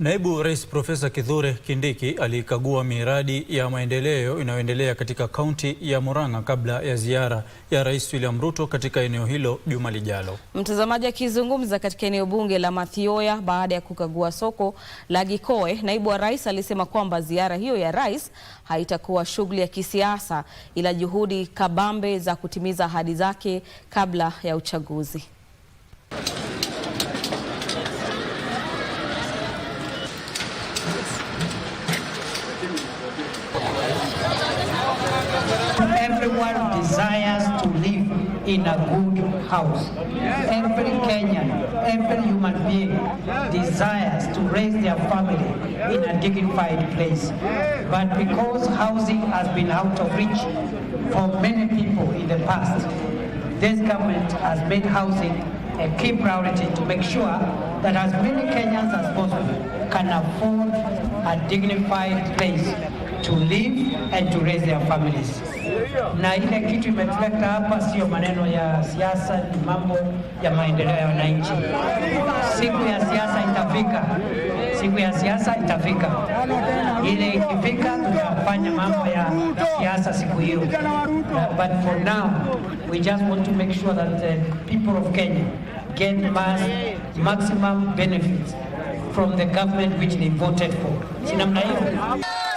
Naibu Rais Profesa Kithure Kindiki alikagua miradi ya maendeleo inayoendelea katika kaunti ya Murang'a kabla ya ziara ya Rais William Ruto katika eneo hilo juma lijalo. Mtazamaji akizungumza katika eneo bunge la Mathioya baada ya kukagua soko la Gikoe, naibu wa rais alisema kwamba ziara hiyo ya rais haitakuwa shughuli ya kisiasa ila juhudi kabambe za kutimiza ahadi zake kabla ya uchaguzi. desires to live in a good house. Every Kenyan, every human being desires to raise their family in a dignified place. But because housing has been out of reach for many people in the past, this government has made housing a key priority to make sure that as many Kenyans as possible can afford a dignified place to live and to raise their families. na ile kitu imetuleta hapa sio maneno ya siasa, ni mambo ya maendeleo ya wananchi. Siku ya siasa itafika, siku ya siasa itafika. Ile ikifika, tutafanya mambo ya siasa siku hiyo. but for now we just want to make sure that the people of Kenya get mass, maximum benefits from the government which they voted for. Si namna hiyo